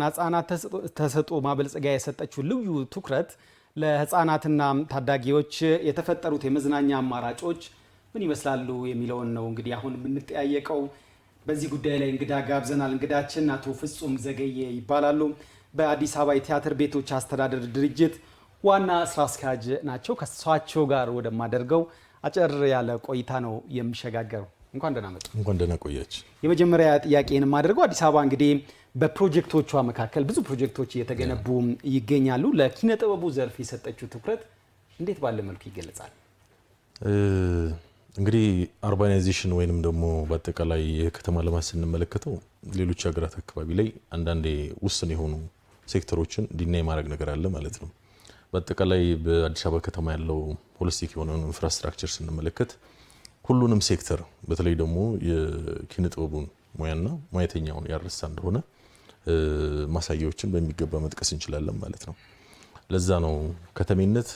ና ህጻናት ተሰጥኦ ማበልጸጊያ የሰጠችው ልዩ ትኩረት ለህጻናትና ታዳጊዎች የተፈጠሩት የመዝናኛ አማራጮች ምን ይመስላሉ የሚለውን ነው እንግዲህ አሁን የምንጠያየቀው። በዚህ ጉዳይ ላይ እንግዳ ጋብዘናል። እንግዳችን አቶ ፍጹም ዘገየ ይባላሉ። በአዲስ አበባ የቲያትር ቤቶች አስተዳደር ድርጅት ዋና ስራ አስኪያጅ ናቸው። ከሷቸው ጋር ወደማደርገው አጭር ያለ ቆይታ ነው የምሸጋገረው። እንኳን ደህና መጡ። እንኳን ደህና ቆያች። የመጀመሪያ ጥያቄን የማደርገው አዲስ አበባ እንግዲህ በፕሮጀክቶቿ መካከል ብዙ ፕሮጀክቶች እየተገነቡ ይገኛሉ። ለኪነ ጥበቡ ዘርፍ የሰጠችው ትኩረት እንዴት ባለ መልኩ ይገለጻል? እንግዲህ አርባናይዜሽን ወይንም ደግሞ በአጠቃላይ የከተማ ልማት ስንመለከተው ሌሎች ሀገራት አካባቢ ላይ አንዳንዴ ውስን የሆኑ ሴክተሮችን እንዲና ማድረግ ነገር አለ ማለት ነው። በአጠቃላይ በአዲስ አበባ ከተማ ያለው ሆሊስቲክ የሆነ ኢንፍራስትራክቸር ስንመለከት ሁሉንም ሴክተር በተለይ ደግሞ የኪነ ጥበቡን ሙያና ሙያተኛውን ያረሳ እንደሆነ ማሳያዎችን በሚገባ መጥቀስ እንችላለን ማለት ነው። ለዛ ነው ከተሜነት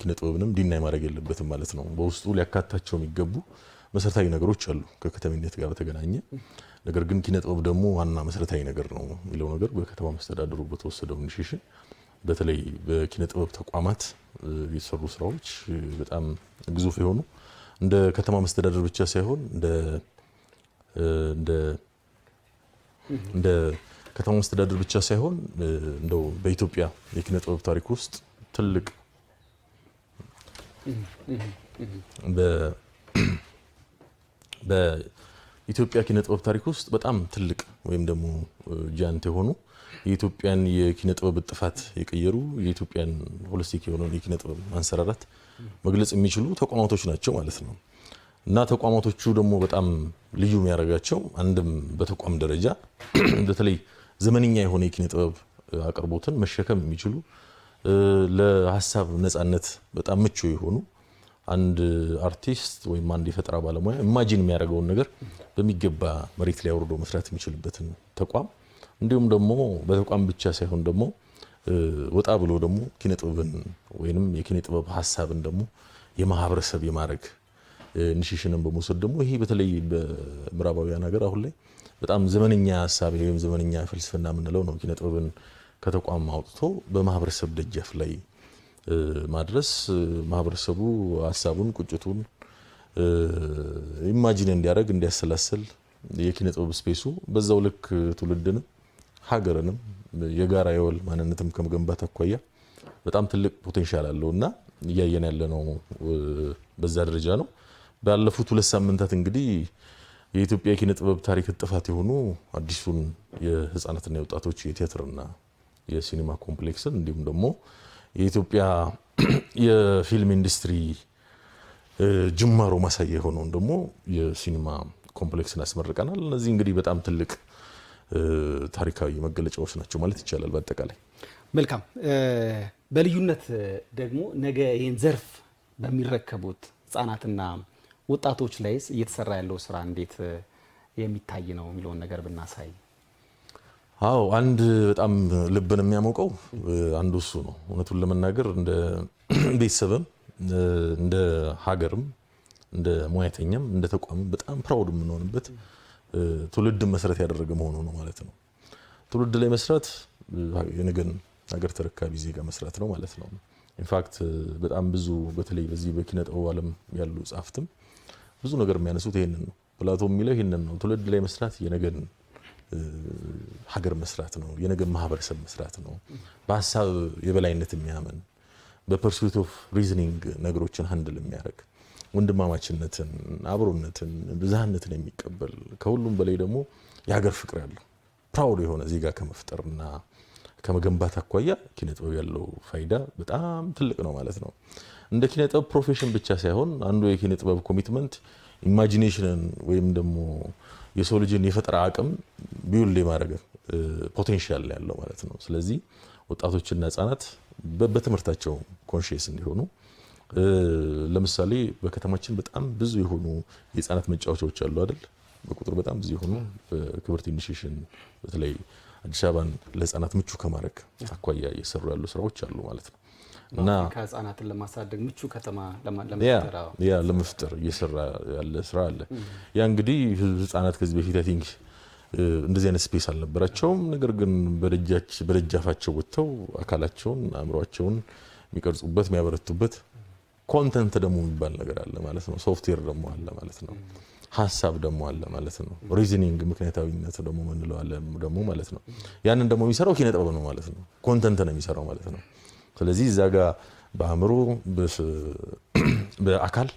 ኪነ ጥበብንም ዲናይ ማድረግ የለበትም ማለት ነው። በውስጡ ሊያካታቸው የሚገቡ መሰረታዊ ነገሮች አሉ ከከተሜነት ጋር በተገናኘ ነገር ግን ኪነ ጥበብ ደግሞ ዋና መሰረታዊ ነገር ነው የሚለው ነገር በከተማ መስተዳደሩ በተወሰደው ኢኒሼሽን በተለይ በኪነ ጥበብ ተቋማት የተሰሩ ስራዎች በጣም ግዙፍ የሆኑ እንደ ከተማ መስተዳደር ብቻ ሳይሆን እንደ ከተማ መስተዳደር ብቻ ሳይሆን እንደው በኢትዮጵያ የኪነ ጥበብ ታሪክ ውስጥ ትልቅ በኢትዮጵያ ኪነ ጥበብ ታሪክ ውስጥ በጣም ትልቅ ወይም ደግሞ ጃንት የሆኑ የኢትዮጵያን የኪነ ጥበብ ጥፋት የቀየሩ የኢትዮጵያን ሆሊስቲክ የሆነውን የኪነ ጥበብ ማንሰራራት መግለጽ የሚችሉ ተቋማቶች ናቸው ማለት ነው። እና ተቋማቶቹ ደግሞ በጣም ልዩ የሚያደርጋቸው አንድም በተቋም ደረጃ በተለይ ዘመንኛ የሆነ የኪነ ጥበብ አቅርቦትን መሸከም የሚችሉ ለሀሳብ ነፃነት በጣም ምቹ የሆኑ አንድ አርቲስት ወይም አንድ የፈጠራ ባለሙያ ኢማጂን የሚያደርገውን ነገር በሚገባ መሬት ላይ አውርዶ መስራት የሚችልበትን ተቋም እንዲሁም ደግሞ በተቋም ብቻ ሳይሆን ደግሞ ወጣ ብሎ ደግሞ ኪነ ጥበብን ወይንም የኪነ ጥበብ ሀሳብን ደግሞ የማህበረሰብ የማድረግ ንሽሽንን በመውሰድ ደግሞ ይሄ በተለይ በምዕራባውያን ሀገር አሁን ላይ በጣም ዘመነኛ ሀሳብ ወይም ዘመነኛ ፍልስፍና የምንለው ነው። ኪነ ጥበብን ከተቋም አውጥቶ በማህበረሰብ ደጃፍ ላይ ማድረስ ማህበረሰቡ ሀሳቡን፣ ቁጭቱን ኢማጂን እንዲያደርግ እንዲያሰላስል የኪነ ጥበብ ስፔሱ በዛው ልክ ትውልድንም ሀገርንም የጋራ የወል ማንነትም ከመገንባት አኳያ በጣም ትልቅ ፖቴንሻል አለው እና እያየን ነው። በዛ ደረጃ ነው። ባለፉት ሁለት ሳምንታት እንግዲህ የኢትዮጵያ ኪነ ጥበብ ታሪክ እጥፋት የሆኑ አዲሱን የህፃናትና የወጣቶች የቲያትርና የሲኒማ ኮምፕሌክስን እንዲሁም ደግሞ የኢትዮጵያ የፊልም ኢንዱስትሪ ጅማሮ ማሳያ የሆነውን ደግሞ የሲኒማ ኮምፕሌክስን አስመርቀናል። እነዚህ እንግዲህ በጣም ትልቅ ታሪካዊ መገለጫዎች ናቸው ማለት ይቻላል። በአጠቃላይ መልካም። በልዩነት ደግሞ ነገ ይህን ዘርፍ በሚረከቡት ህጻናትና ወጣቶች ላይስ እየተሰራ ያለው ስራ እንዴት የሚታይ ነው የሚለውን ነገር ብናሳይ። አዎ አንድ በጣም ልብን የሚያሞቀው አንዱ እሱ ነው። እውነቱን ለመናገር እንደ ቤተሰብም እንደ ሀገርም እንደ ሙያተኛም እንደ ተቋምም በጣም ፕራውድ የምንሆንበት ትውልድ መሰረት ያደረገ መሆኑ ነው ማለት ነው። ትውልድ ላይ መስራት የነገን ሀገር ተረካቢ ዜጋ መስራት ነው ማለት ነው። ኢንፋክት በጣም ብዙ በተለይ በዚህ በኪነ ጥበብ ዓለም ያሉ ጻፍትም ብዙ ነገር የሚያነሱት ይህንን ነው። ፕላቶ የሚለው ይህንን ነው። ትውልድ ላይ መስራት የነገን ሀገር መስራት ነው፣ የነገን ማህበረሰብ መስራት ነው። በሀሳብ የበላይነት የሚያምን በፐርሱት ኦፍ ሪዝኒንግ ነገሮችን ሀንድል የሚያደርግ ወንድማማችነትን፣ አብሮነትን፣ ብዝሃነትን የሚቀበል ከሁሉም በላይ ደግሞ የሀገር ፍቅር ያለው ፕራውድ የሆነ ዜጋ ከመፍጠርና ከመገንባት አኳያ ኪነጥበብ ያለው ፋይዳ በጣም ትልቅ ነው ማለት ነው። እንደ ኪነጥበብ ፕሮፌሽን ብቻ ሳይሆን አንዱ የኪነጥበብ ኮሚትመንት ኢማጂኔሽንን ወይም ደግሞ የሰው ልጅን የፈጠራ አቅም ቢውል የማድረግ ፖቴንሻል ያለው ማለት ነው። ስለዚህ ወጣቶችና ህጻናት በትምህርታቸው ኮንሽስ እንዲሆኑ ለምሳሌ በከተማችን በጣም ብዙ የሆኑ የህፃናት መጫወቻዎች አሉ አይደል? በቁጥር በጣም ብዙ የሆኑ በክብርት ኢኒሼሽን በተለይ አዲስ አበባን ለህፃናት ምቹ ከማድረግ አኳያ እየሰሩ ያሉ ስራዎች አሉ ማለት ነው። እና ህጻናትን ለማሳደግ ምቹ ከተማ ለመፍጠር እየሰራ ያለ ስራ አለ። ያ እንግዲህ ህፃናት ከዚህ በፊት አይ ቲንክ እንደዚህ አይነት ስፔስ አልነበራቸውም። ነገር ግን በደጃፋቸው ወጥተው አካላቸውን አእምሯቸውን የሚቀርጹበት የሚያበረቱበት ኮንተንት ደግሞ የሚባል ነገር አለ ማለት ነው። ሶፍትዌር ደግሞ አለ ማለት ነው። ሀሳብ ደግሞ አለ ማለት ነው። ሪዝኒንግ ምክንያታዊነት ደግሞ ምንለው ደግሞ ማለት ነው። ያንን ደግሞ የሚሰራው ኪነ ጥበብ ነው ማለት ነው። ኮንተንት ነው የሚሰራው ማለት ነው። ስለዚህ እዛ ጋ በአእምሮ በአካል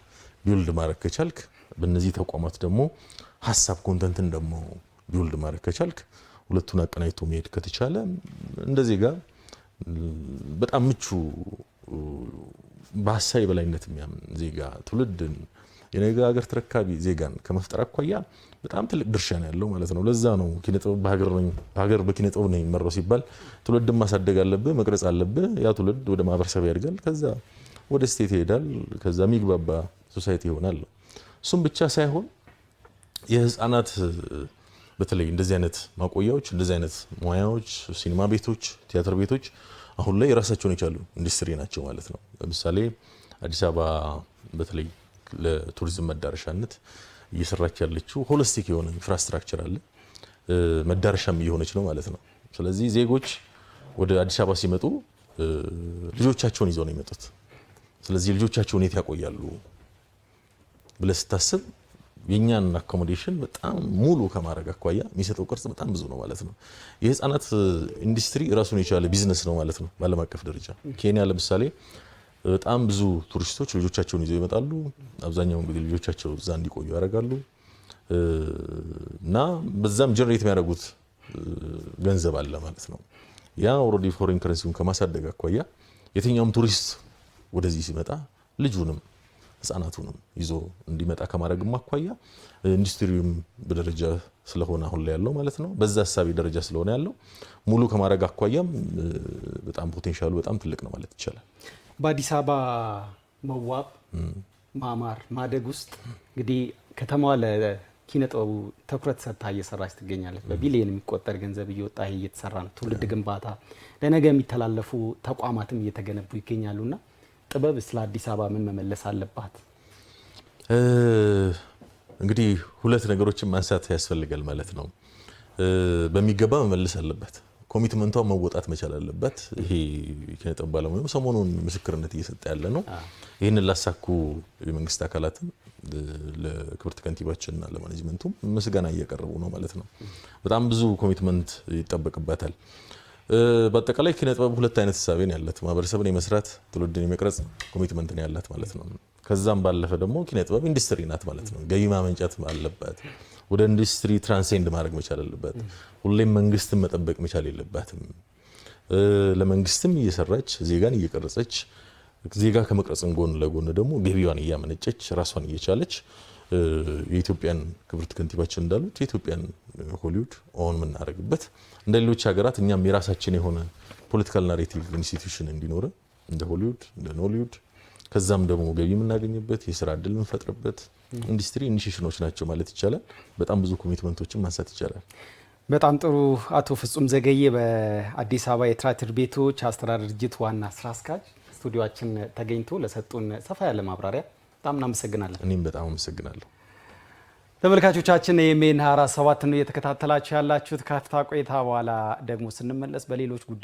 ቢውልድ ማድረግ ከቻልክ በእነዚህ ተቋማት ደግሞ ሀሳብ ኮንተንትን ደግሞ ቢውልድ ማድረግ ከቻልክ ሁለቱን አቀናጅቶ መሄድ ከተቻለ እንደዚህ ጋ በጣም ምቹ በሀሳቢ በላይነት የሚያምን ዜጋ ትውልድን የነገ ሀገር ተረካቢ ዜጋን ከመፍጠር አኳያ በጣም ትልቅ ድርሻ ነው ያለው ማለት ነው። ለዛ ነው በሀገር በኪነጥበብ ነው የሚመራው ሲባል ትውልድን ማሳደግ አለብህ፣ መቅረጽ አለብህ። ያ ትውልድ ወደ ማህበረሰብ ያድጋል፣ ከዛ ወደ ስቴት ይሄዳል፣ ከዛ የሚግባባ ሶሳይቲ ይሆናል። እሱም ብቻ ሳይሆን የህፃናት በተለይ እንደዚህ አይነት ማቆያዎች፣ እንደዚህ አይነት ሙያዎች፣ ሲኒማ ቤቶች፣ ቲያትር ቤቶች አሁን ላይ የራሳቸውን የቻሉ ኢንዱስትሪ ናቸው ማለት ነው። ለምሳሌ አዲስ አበባ በተለይ ለቱሪዝም መዳረሻነት እየሰራች ያለችው ሆሊስቲክ የሆነ ኢንፍራስትራክቸር አለ፣ መዳረሻም እየሆነች ነው ማለት ነው። ስለዚህ ዜጎች ወደ አዲስ አበባ ሲመጡ ልጆቻቸውን ይዘው ነው የመጡት። ስለዚህ ልጆቻቸውን የት ያቆያሉ ብለህ ስታስብ የእኛን አኮሞዴሽን በጣም ሙሉ ከማድረግ አኳያ የሚሰጠው ቅርጽ በጣም ብዙ ነው ማለት ነው። የህፃናት ኢንዱስትሪ ራሱን የቻለ ቢዝነስ ነው ማለት ነው። በዓለም አቀፍ ደረጃ ኬንያ ለምሳሌ በጣም ብዙ ቱሪስቶች ልጆቻቸውን ይዘው ይመጣሉ። አብዛኛው እንግዲህ ልጆቻቸው እዛ እንዲቆዩ ያደርጋሉ እና በዛም ጀነሬት የሚያደርጉት ገንዘብ አለ ማለት ነው። ያ ኦልሬዲ ፎሬን ከረንሲውን ከማሳደግ አኳያ የትኛውም ቱሪስት ወደዚህ ሲመጣ ልጁንም ህጻናቱንም ይዞ እንዲመጣ ከማድረግም አኳያ ኢንዱስትሪውም በደረጃ ስለሆነ አሁን ላይ ያለው ማለት ነው በዛ ሀሳቢ ደረጃ ስለሆነ ያለው ሙሉ ከማድረግ አኳያም በጣም ፖቴንሻሉ በጣም ትልቅ ነው ማለት ይቻላል። በአዲስ አበባ መዋብ፣ ማማር፣ ማደግ ውስጥ እንግዲህ ከተማዋ ኪነ ጥበቡ ትኩረት ሰጥታ እየሰራች ትገኛለች። በቢሊየን የሚቆጠር ገንዘብ እየወጣ እየተሰራ ነው። ትውልድ ግንባታ ለነገ የሚተላለፉ ተቋማትም እየተገነቡ ይገኛሉና ጥበብ ስለ አዲስ አበባ ምን መመለስ አለባት? እንግዲህ ሁለት ነገሮችን ማንሳት ያስፈልጋል ማለት ነው። በሚገባ መመለስ አለባት። ኮሚትመንቷ መወጣት መቻል አለበት። ይሄ የኪነጥበብ ባለሙያውም ሰሞኑን ምስክርነት እየሰጠ ያለ ነው። ይህንን ላሳኩ የመንግስት አካላትም ለክብርት ከንቲባችንና ለማኔጅመንቱም ምስጋና እያቀረቡ ነው ማለት ነው። በጣም ብዙ ኮሚትመንት ይጠበቅበታል። በአጠቃላይ ኪነ ጥበብ ሁለት አይነት ነው ያላት ማህበረሰብን የመስራት ትውልድን የመቅረጽ ነው ያላት ማለት ነው። ከዛም ባለፈ ደግሞ ኪነ ጥበብ ኢንዱስትሪ ናት ማለት ነው። ገቢ ማመንጨት አለባት። ወደ ኢንዱስትሪ ትራንሴንድ ማድረግ መቻል አለባት። ሁሌም መንግስትን መጠበቅ መቻል የለባትም። ለመንግስትም እየሰራች ዜጋን እየቀረጸች ዜጋ ከመቅረጽን ጎን ለጎን ደግሞ ገቢዋን እያመነጨች ራሷን እየቻለች የኢትዮጵያን ክብርት ከንቲባችን እንዳሉት የኢትዮጵያን ሆሊውድ ኦን የምናደርግበት እንደ ሌሎች ሀገራት እኛም የራሳችን የሆነ ፖለቲካል ናሬቲቭ ኢንስቲትዩሽን እንዲኖረን እንደ ሆሊውድ እንደ ኖሊውድ ከዛም ደግሞ ገቢ የምናገኝበት የስራ እድል የምንፈጥርበት ኢንዱስትሪ ኢኒሽሽኖች ናቸው ማለት ይቻላል። በጣም ብዙ ኮሚትመንቶችን ማንሳት ይቻላል። በጣም ጥሩ። አቶ ፍጹም ዘገየ በአዲስ አበባ የትራትር ቤቶች አስተዳደር ድርጅት ዋና ስራ አስኪያጅ ስቱዲዮችን ተገኝቶ ለሰጡን ሰፋ ያለ ማብራሪያ በጣም እናመሰግናለን። እኔም በጣም አመሰግናለሁ። ተመልካቾቻችን የሜን 24/7 ነው እየተከታተላችሁ ያላችሁት። ከፍታ ቆይታ በኋላ ደግሞ ስንመለስ በሌሎች ጉዳዮች